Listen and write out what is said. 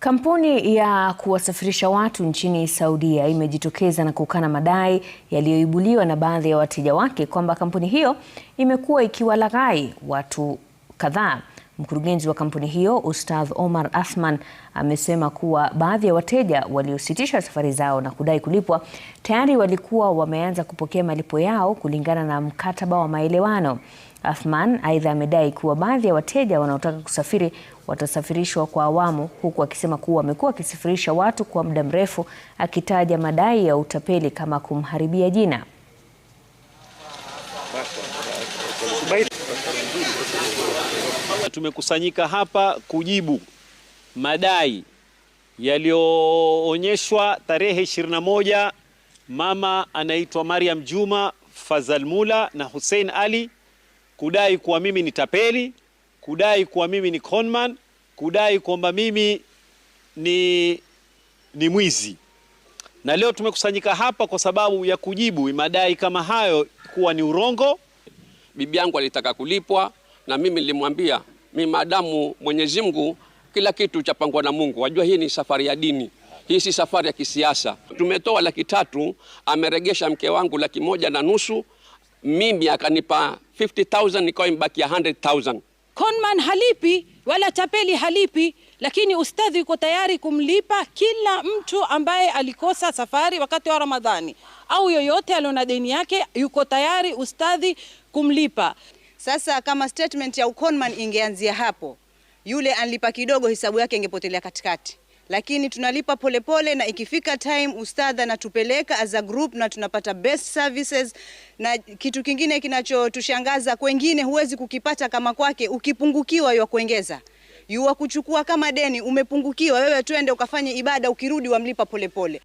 Kampuni ya kuwasafirisha watu nchini Saudia imejitokeza na kukana madai yaliyoibuliwa na baadhi ya wateja wake kwamba kampuni hiyo imekuwa ikiwalaghai watu kadhaa. Mkurugenzi wa kampuni hiyo Ustadh Omar Athman amesema kuwa baadhi ya wateja waliositisha safari zao na kudai kulipwa tayari walikuwa wameanza kupokea malipo yao kulingana na mkataba wa maelewano. Athman aidha amedai kuwa baadhi ya wateja wanaotaka kusafiri watasafirishwa kwa awamu, huku akisema kuwa amekuwa akisafirisha watu kwa muda mrefu, akitaja madai ya utapeli kama kumharibia jina. Tumekusanyika hapa kujibu madai yaliyoonyeshwa tarehe 21, mama anaitwa Mariam Juma Fazal Mula na Hussein Ali kudai kuwa mimi ni tapeli, kudai kuwa mimi ni conman, kudai kwamba mimi ni, ni mwizi. Na leo tumekusanyika hapa kwa sababu ya kujibu madai kama hayo kuwa ni urongo bibi yangu alitaka kulipwa, na mimi nilimwambia mi maadamu Mwenyezi Mungu kila kitu chapangwa na Mungu. Wajua hii ni safari ya dini, hii si safari ya kisiasa. Tumetoa laki tatu, ameregesha mke wangu laki moja na nusu, mimi akanipa 50000 nikawa imebakia 100000. Conman halipi wala tapeli halipi lakini ustadhi uko tayari kumlipa kila mtu ambaye alikosa safari wakati wa Ramadhani au yoyote aliona deni yake, yuko tayari ustadhi kumlipa. Sasa kama statement ya Ukonman ingeanzia hapo, yule anlipa kidogo, hisabu yake ingepotelea katikati lakini tunalipa polepole pole, na ikifika time ustadha anatupeleka as a group na tunapata best services. Na kitu kingine kinachotushangaza kwengine huwezi kukipata kama kwake, ukipungukiwa ya kuongeza yuwa kuchukua kama deni, umepungukiwa wewe, twende ukafanye ibada, ukirudi wamlipa polepole pole.